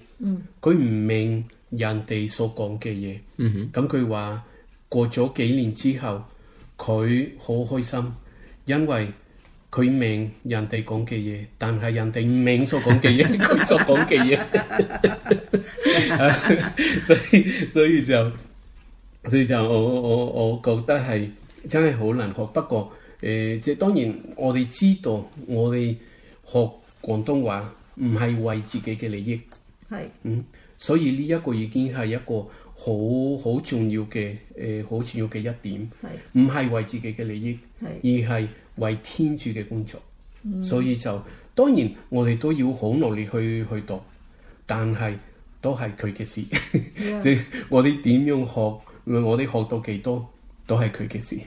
佢唔、mm hmm. 明人哋所講嘅嘢，嗯哼、mm，咁佢話過咗幾年之後，佢好開心，因為。佢明人哋講嘅嘢，但係人哋唔明所講嘅嘢，佢就講嘅嘢，所以所以就所以就我我我覺得係真係好難學。不過誒，即、呃、係當然我哋知道我哋學廣東話唔係為自己嘅利益，係是嗯，所以呢一個已經係一個好好重要嘅誒好重要嘅一點，係唔係為自己嘅利益，係是而係。為天主嘅工作，mm. 所以就當然我哋都要好努力去去讀，但係都係佢嘅事。 Yeah. 即係我哋點樣學，我哋學到幾多都係佢嘅事。誒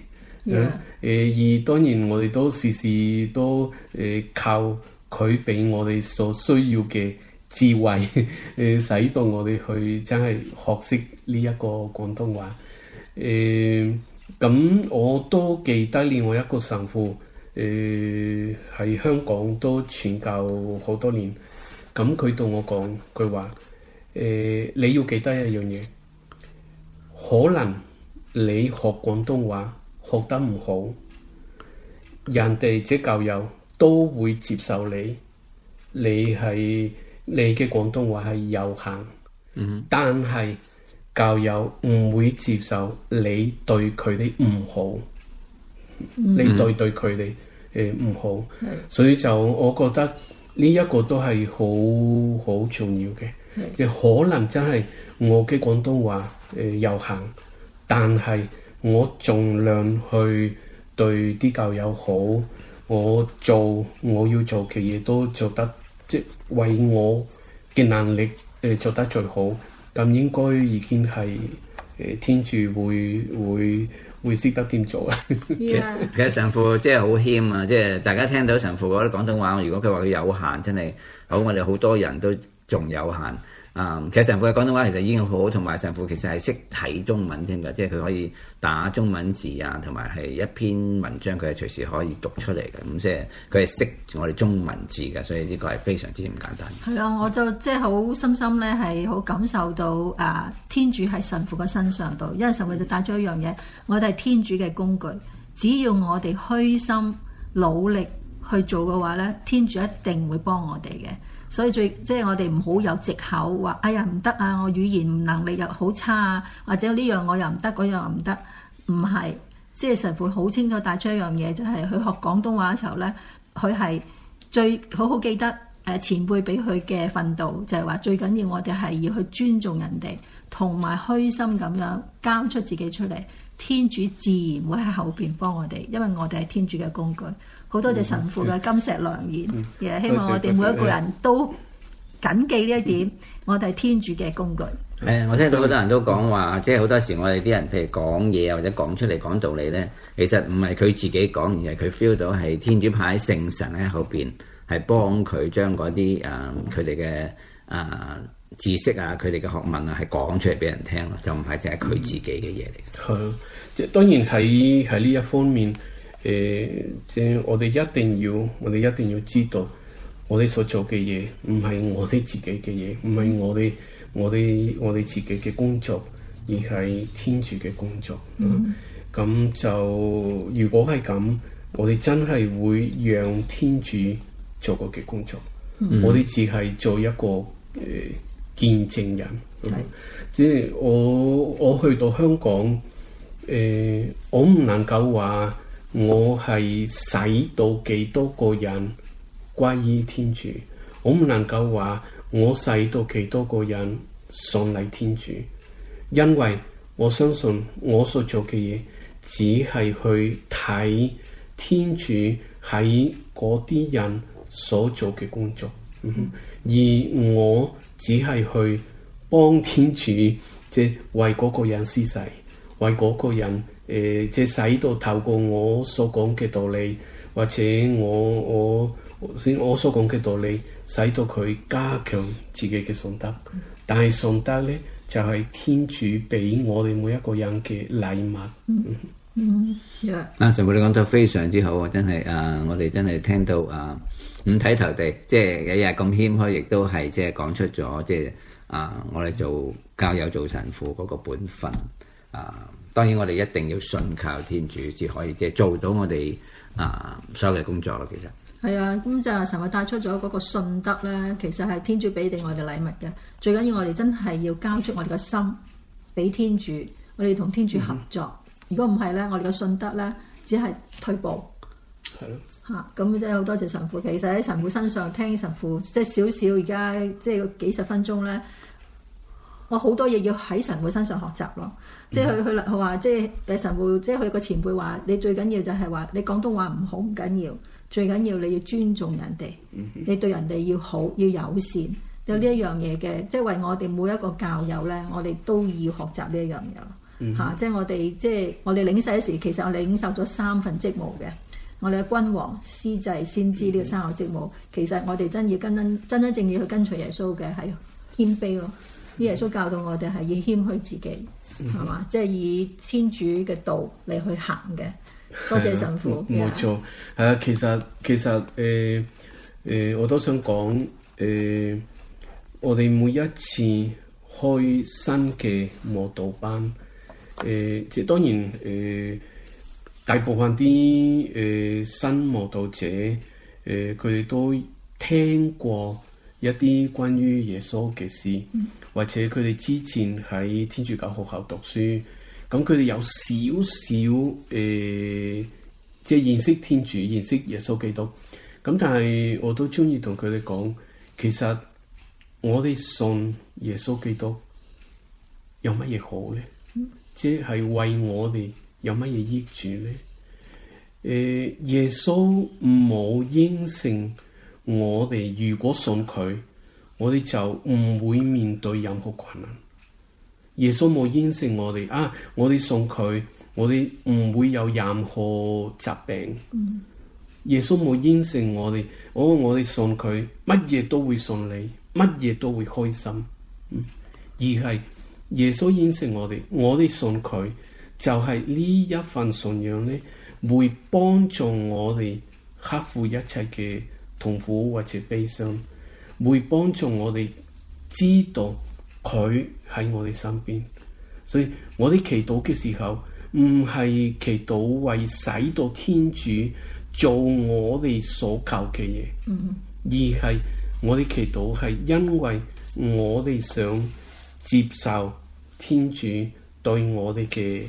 Yeah.、啊、而當然我哋都時時都誒、呃、靠佢俾我哋所需要嘅智慧，誒、呃、使到我哋去真係學識呢一個廣東話。誒、呃咁我都記得，另外一個神父，誒、呃、喺香港都傳教好多年。咁佢同我講句話，誒、呃、你要記得一樣嘢，可能你學廣東話學得唔好，人哋啲教友都會接受你。你係你嘅廣東話係有限，嗯哼，但係，教友唔會接受你，對佢哋唔好，mm hmm. 你對對佢哋誒唔好，mm hmm. 所以就我覺得呢一個都係好好重要嘅。你、mm hmm. 可能真係我嘅廣東話誒有限，但係我盡量去對啲教友好，我做我要做嘅嘢都做得，即係為我嘅能力誒、呃、做得最好。咁應該意見係誒天主會會會識得點做啊？Yeah. 其實神父即係好謙啊，即係大家聽到神父講啲廣東話，如果佢話佢有限，真係好，我哋好多人都仲有限。啊，其實神父嘅廣東話其實已經好好，同埋神父其實係識睇中文添㗎，即係佢可以打中文字啊，同埋係一篇文章佢係隨時可以讀出嚟嘅，咁即係佢係識我哋中文字嘅，所以呢個係非常之唔簡單。係啊，我就即係好深深咧，係好感受到啊，天主喺神父嘅身上度，因為神父就帶咗一樣嘢，我哋係天主嘅工具，只要我哋虛心努力去做嘅話咧，天主一定會幫我哋嘅。所以最即係、就是、我哋唔好有藉口話，哎呀唔得啊！我語言唔能力又好差，啊，或者呢樣我又唔得，嗰樣又唔得。唔係，即、就、係、是、神父好清楚帶出一樣嘢，就係、是、佢學廣東話嘅時候咧，佢係最好好記得誒前輩俾佢嘅訓導，就係、是、話最緊要我哋係要去尊重人哋，同埋虛心咁樣交出自己出嚟。天主自然會喺後邊幫我哋，因為我哋係天主嘅工具。好多謝神父嘅金石良言，嗯嗯、希望我哋每一個人都謹記呢一點。嗯、我哋係天主嘅工具。誒、嗯，我聽到好多人都講話，即係好多時我哋啲人，譬如講嘢或者講出嚟講道理咧，其實唔係佢自己講，而係佢 feel 到係天主派喺聖神喺後邊，係幫佢將嗰啲誒佢哋嘅誒知識啊，佢哋嘅學問啊，係講出嚟俾人聽。就唔係淨係佢自己嘅嘢嚟。係、嗯。即當然喺喺呢一方面，誒、呃，即我哋一定要，我哋一定要知道我我我、嗯我，我哋所做嘅嘢唔係我哋自己嘅嘢，唔係我哋我哋我哋自己嘅工作，而係天主嘅工作。咁、嗯嗯、就如果係咁，我哋真係會讓天主做過嘅工作，嗯、我哋只係做一個誒、呃、見證人。即、嗯、係是我我去到香港。誒、呃，我唔能夠話我係使到幾多個人歸依天主，我唔能夠話我使到幾多個人送禮天主，因為我相信我所做嘅嘢，只係去睇天主喺嗰啲人所做嘅工作，嗯，而我只係去幫天主即係、就是、為嗰個人施洗。為嗰個人，誒、呃，即使到透過我所講嘅道理，或者我我先我所講嘅道理，使到佢加強自己嘅信德。但係信德咧，就係、是、天主俾我哋每一個人嘅禮物。嗯，嗯啊，神父你講得非常之好啊！真係啊、呃，我哋真係聽到啊、呃，五體投地，即係日日咁謙虛，亦都係即係講出咗，即係啊、呃，我哋做教友做神父嗰個本分。啊、呃，當然我哋一定要信靠天主，至可以即係做到我哋啊、呃、所有嘅工作咯。其實係啊，咁就神父帶出咗嗰個信德咧，其實係天主俾定我哋禮物嘅。最緊要我哋真係要交出我哋個心俾天主，我哋同天主合作。如果唔係咧，我哋嘅信德咧，只係退步。係咯嚇，咁即係好多謝神父。其實喺神父身上聽神父，即係少少而家即係幾十分鐘咧。我好多嘢要喺神父身上學習咯，即係佢佢話，即係神父，即係佢個前輩話，你最緊要就係話，你廣東話唔好唔緊要，最緊要你要尊重人哋，你對人哋要好，要友善，有呢一樣嘢嘅，即係為我哋每一個教友咧，我哋都要學習呢一樣嘢。嚇、嗯嗯啊，即係我哋即係我哋領洗嗰時，其實我哋領受咗三份職務嘅，我哋嘅君王、司祭、先知呢個三個職務，嗯嗯嗯、其實我哋真要跟真真正要去跟隨耶穌嘅係謙卑咯。依耶穌教導我哋係要謙虛自己，係嘛、嗯？即係以天主嘅道嚟去行嘅。多謝神父。冇錯錯，係啊 Yeah.！其實其實誒誒，我都想講誒、呃，我哋每一次開新嘅慕道班，誒、呃，即係當然誒、呃，大部分啲誒、呃、新慕道者，誒、呃，佢哋都聽過一啲關於耶穌嘅事。嗯或者佢哋之前喺天主教學校讀書，咁佢哋有少少誒，即、呃、係、即係、認識天主、認識耶穌基督。咁但係我都中意同佢哋講，其實我哋信耶穌基督有乜嘢好咧？即、就、係、是、為我哋有乜嘢益處咧？誒、呃，耶穌冇應承我哋，如果信佢。我哋就唔會面對任何困難。耶穌冇應承我哋啊！我哋信佢，我哋唔會有任何疾病。嗯、耶穌冇應承我哋、哦，我我哋信佢，乜嘢都會順利，乜嘢都會開心。嗯、而係耶穌應承我哋，我哋信佢，就係、是、呢一份信仰咧，會幫助我哋克服一切嘅痛苦或者悲傷。會幫助我哋知道佢喺我哋身邊，所以我哋祈禱嘅時候唔係祈禱為使到天主做我哋所求嘅嘢，而係我哋祈禱係因為我哋想接受天主對我哋嘅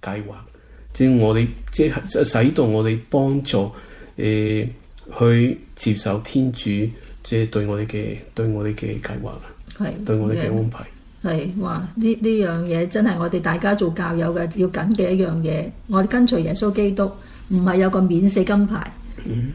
計劃，即係我哋即係使到我哋幫助誒去接受天主。即係對我哋嘅，對我哋嘅計劃啦，係是對我哋嘅安排。係哇，呢呢樣嘢真係我哋大家做教友嘅要緊嘅一樣嘢。我哋跟隨耶穌基督，唔係有個免死金牌，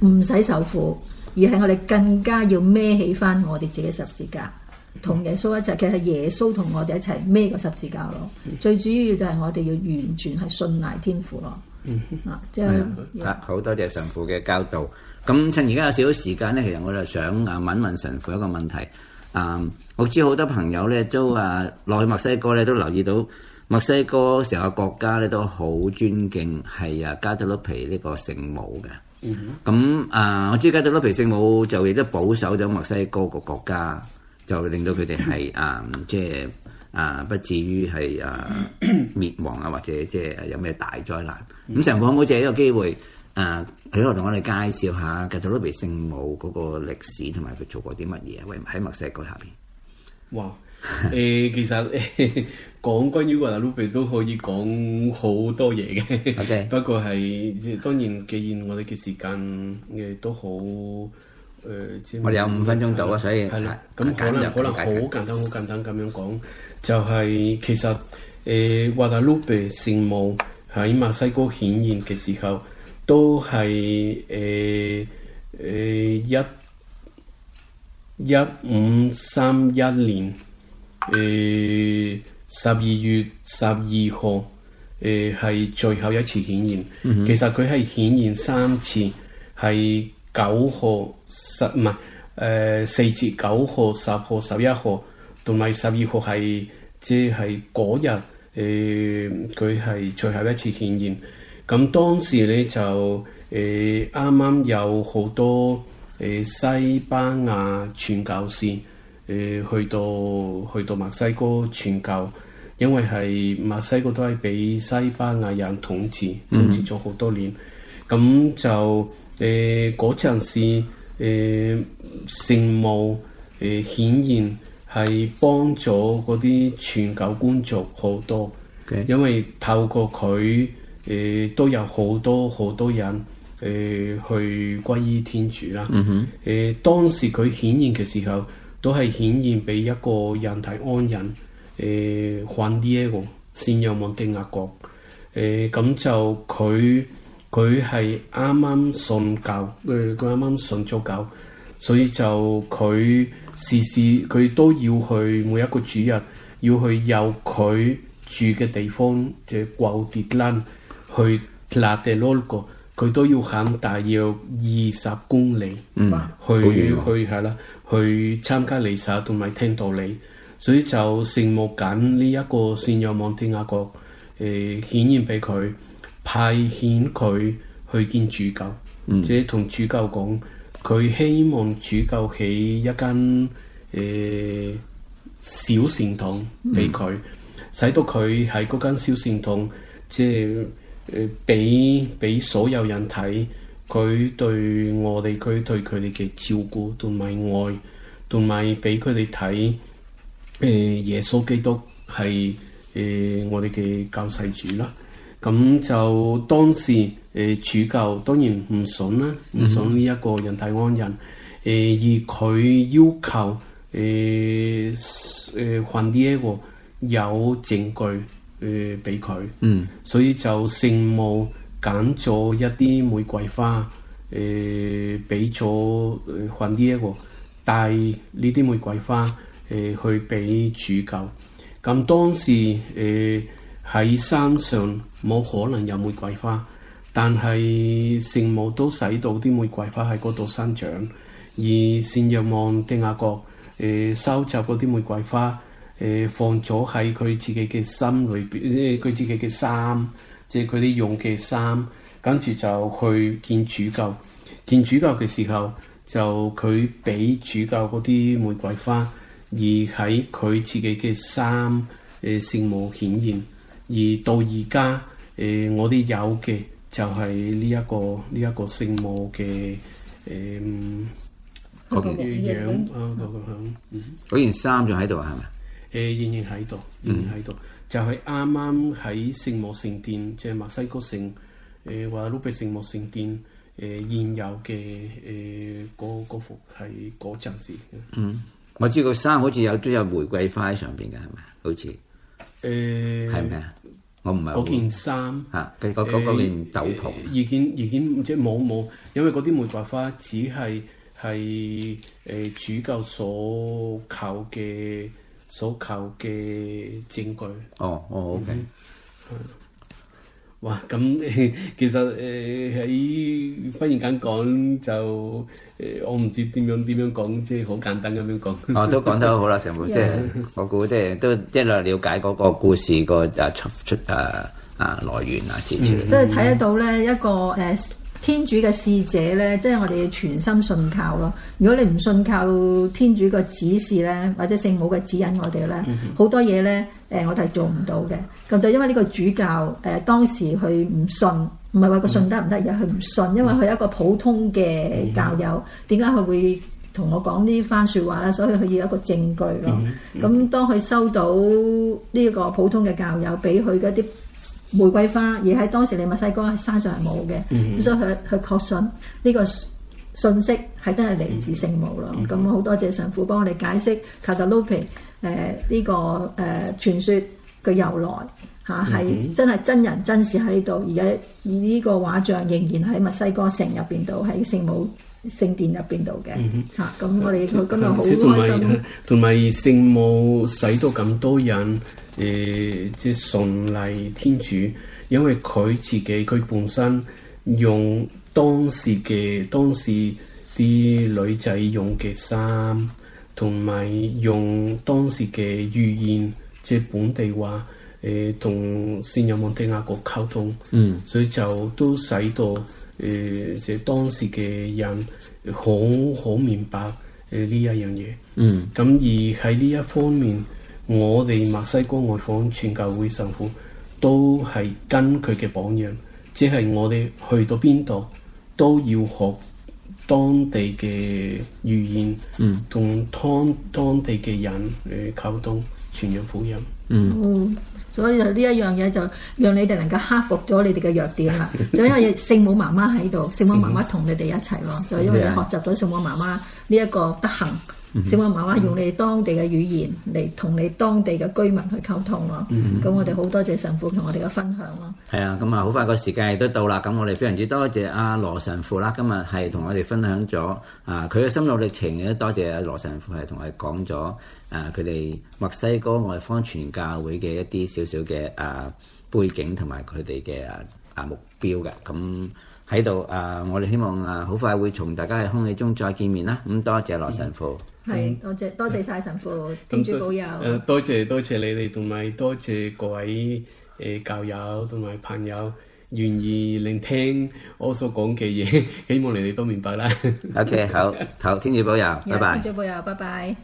唔使受苦，而係我哋更加要孭起翻我哋自己十字架，同耶穌一齊，其實耶穌同我哋一齊孭個十字架咯。最主要就係我哋要完全係信賴天父咯。嗯、啊，即係好多謝神父嘅教導。咁趁而家有少少時間咧，其實我就想啊問問神父一個問題啊！Um, 我知好多朋友咧都啊落去墨西哥咧都留意到墨西哥成個國家咧都好尊敬係啊加特魯皮呢個聖母嘅。咁、嗯、哼啊，我知加特魯皮聖母就亦都保守咗墨西哥個國家，就令到佢哋係啊即係啊，不至於係啊滅亡啊，或者即係有咩大災難。咁、嗯、哼神父可唔可以借呢個機會？誒，佢可以同我哋介紹下華達魯比聖母嗰個歷史，同埋佢做過啲乜嘢？喺墨西哥下邊哇。誒，其實誒講關於華達魯比都可以講好多嘢嘅。O.K. 不過係當然，既然我哋嘅時間嘅都好誒，我哋有五分鐘到啊，所以係啦，咁可能可能好簡單好簡單咁樣講，就係其實誒華達魯比聖母喺墨西哥顯現嘅時候。都係誒誒一一五三一年誒十二月十二號誒係最後一次顯現。其實佢係顯現三次，係九號十唔係誒四次九號十號十一號，同埋十二號係即係嗰日誒佢係最後一次顯現。咁當時呢就誒啱啱有好多誒、呃、西班牙傳教士誒、呃、去到去到墨西哥傳教，因為係墨西哥都係俾西班牙人統治，統治咗好多年。咁、mm hmm. 就誒嗰陣時誒、呃、聖母誒、呃、顯現係幫咗嗰啲傳教工作好多，Okay. 因為透過佢。誒、呃、都有好多好多人誒、呃、去歸依天主啦。誒、嗯哼呃、當時佢顯現嘅時候，都係顯現俾一個人體安人誒，看啲嘅善人望定亞國。誒、呃、咁就佢佢係啱啱信教，佢佢啱啱信咗教，所以就佢時時佢都要去每一個主日，要去有佢住嘅地方，即係逛跌 𨅬。去拿定攞個，佢都要行大約二十公里，嗯、去、哦、去係啦，去參加彌撒同埋聽道理，所以就羨慕緊呢一個善有望天下國，誒顯現俾佢派遣佢去見主教，嗯、即係同主教講，佢希望主教起一間誒、呃、小聖堂俾佢，嗯、使到佢喺嗰間小聖堂即係。誒，俾俾，呃、所有人睇佢對我哋佢對佢哋嘅照顧同埋愛，同埋俾佢哋睇誒，耶穌基督係誒，呃、我哋嘅救世主啦。咁就當時誒，呃、主教當然唔信啦，唔信呢一個人體安人。誒，嗯、哼而佢要求誒誒，Juan Diego 有證據。誒俾佢，呃嗯、2 所以就聖母揀咗一啲玫瑰花，誒俾咗勻啲一個帶呢啲玫瑰花，誒、呃、去俾主教。咁當時誒喺、呃、山上冇可能有玫瑰花，但係聖母都使到啲玫瑰花喺嗰度生長，而聖若望丁阿哥誒收集嗰啲玫瑰花。誒放咗喺佢自己嘅心裏邊，誒佢自己嘅衫，即係佢啲用嘅衫，跟住就去見主教。見主教嘅時候，就佢俾主教嗰啲玫瑰花，而喺佢自己嘅衫誒聖母顯現。而到而家誒，我哋有嘅就係呢一個呢一個聖母嘅誒嗰件樣 Okay. 啊，嗰件衫仲喺度啊，係咪啊？啊嗯誒、呃、仍然喺度，仍然喺度、嗯，就係啱啱喺聖母聖殿，即係墨西哥城誒華拉魯貝聖母聖殿誒現有嘅誒嗰幅係嗰陣時。嗯，我知個衫好似有都有玫瑰花喺上邊嘅係咪？好似誒係咪啊？我唔係嗰件衫嚇，嗰嗰嗰件斗篷。件件即係冇冇，因為嗰啲玫瑰花，花只係係誒主教所求嘅。所求嘅證據。哦，哦，OK、嗯。哇，咁其實誒喺忽然間講,講就誒、呃，我唔知點樣點樣講，即係好簡單咁樣講。哦，都講得好啦，成副， 即係 Yeah. 我估、就是，即係都即係、就是、嚟了解嗰個故事個誒、啊、出出啊來源啊之前。即係睇得到咧一個誒。嗯哼嗯天主嘅使者咧，即係我哋要全心信靠咯。如果你唔信靠天主嘅指示咧，或者聖母嘅指引我哋咧，好、嗯、哼多嘢咧，誒我哋係做唔到嘅。咁就因為呢個主教誒當時佢唔信，唔係話佢信得唔得嘢，佢唔、嗯、哼信，因為佢係一個普通嘅教友，點解佢會同我講呢番説話咧？所以佢要一個證據咯。咁、嗯、哼當佢收到呢一個普通嘅教友俾佢嗰啲玫瑰花而喺當時你墨西哥山上係冇嘅，咁、mm hmm. 所以佢佢確信呢、個信息係真係嚟自聖母咯。咁好、mm hmm. 多謝神父幫我哋解釋卡特魯皮誒呢個誒、呃、傳說嘅由來嚇，係、啊、真係真人真事喺度。而家呢個畫像仍然喺墨西哥城入邊度喺聖母聖殿入邊度嘅嚇，咁、嗯哼啊、我哋、啊、今日好開心，同埋聖母使到咁多人誒，即、呃就是、順利天主，因為佢自己佢本身用當時嘅當時啲女仔用嘅衫，同埋用當時嘅語言，即、就是、本地話誒，同先有蒙地亞國溝通，嗯，所以就都使到。誒，即、呃就是、當時嘅人好好明白誒呢一樣嘢。嗯，咁而喺呢一方面，我哋墨西哥外方傳教會神父都係跟佢嘅榜樣，即、就、係、是、我哋去到邊度都要學當地嘅語言，同、嗯、當當地嘅人嚟溝通，傳、呃、揚福音。嗯。嗯。所以呢一樣嘢就讓你哋能夠克服咗你哋嘅弱點啦，就 因為聖母媽媽喺度，聖母媽媽同你哋一齊喎，就因為你學習咗聖母媽媽呢一個德行。Mm hmm. 小我媽，媽媽用你哋當地嘅語言嚟同你當地嘅居民去溝通咯。咁、mm hmm. 我哋好多謝神父同我哋嘅分享咯。係啊，咁啊好快個時間亦都到啦。咁我哋非常之多謝阿、啊、羅神父啦。今日係同我哋分享咗啊，佢嘅心路歷程亦都多謝阿、啊、羅神父係同我哋講咗啊，佢哋墨西哥外方傳教會嘅一啲少少嘅啊背景同埋佢哋嘅啊啊目標嘅咁。嗯喺度啊！我哋希望啊，好、呃、快會同大家喺空氣中再見面啦！咁、嗯、多謝羅神父，係、嗯、多謝多謝晒神父，嗯、天主保佑。多謝多謝你哋，同埋多謝各位誒、呃、教友同埋朋友願意聆聽我所講嘅嘢，希望你哋都明白啦。 o、okay, K，好，好，天主保佑，拜拜，天主保佑，拜拜。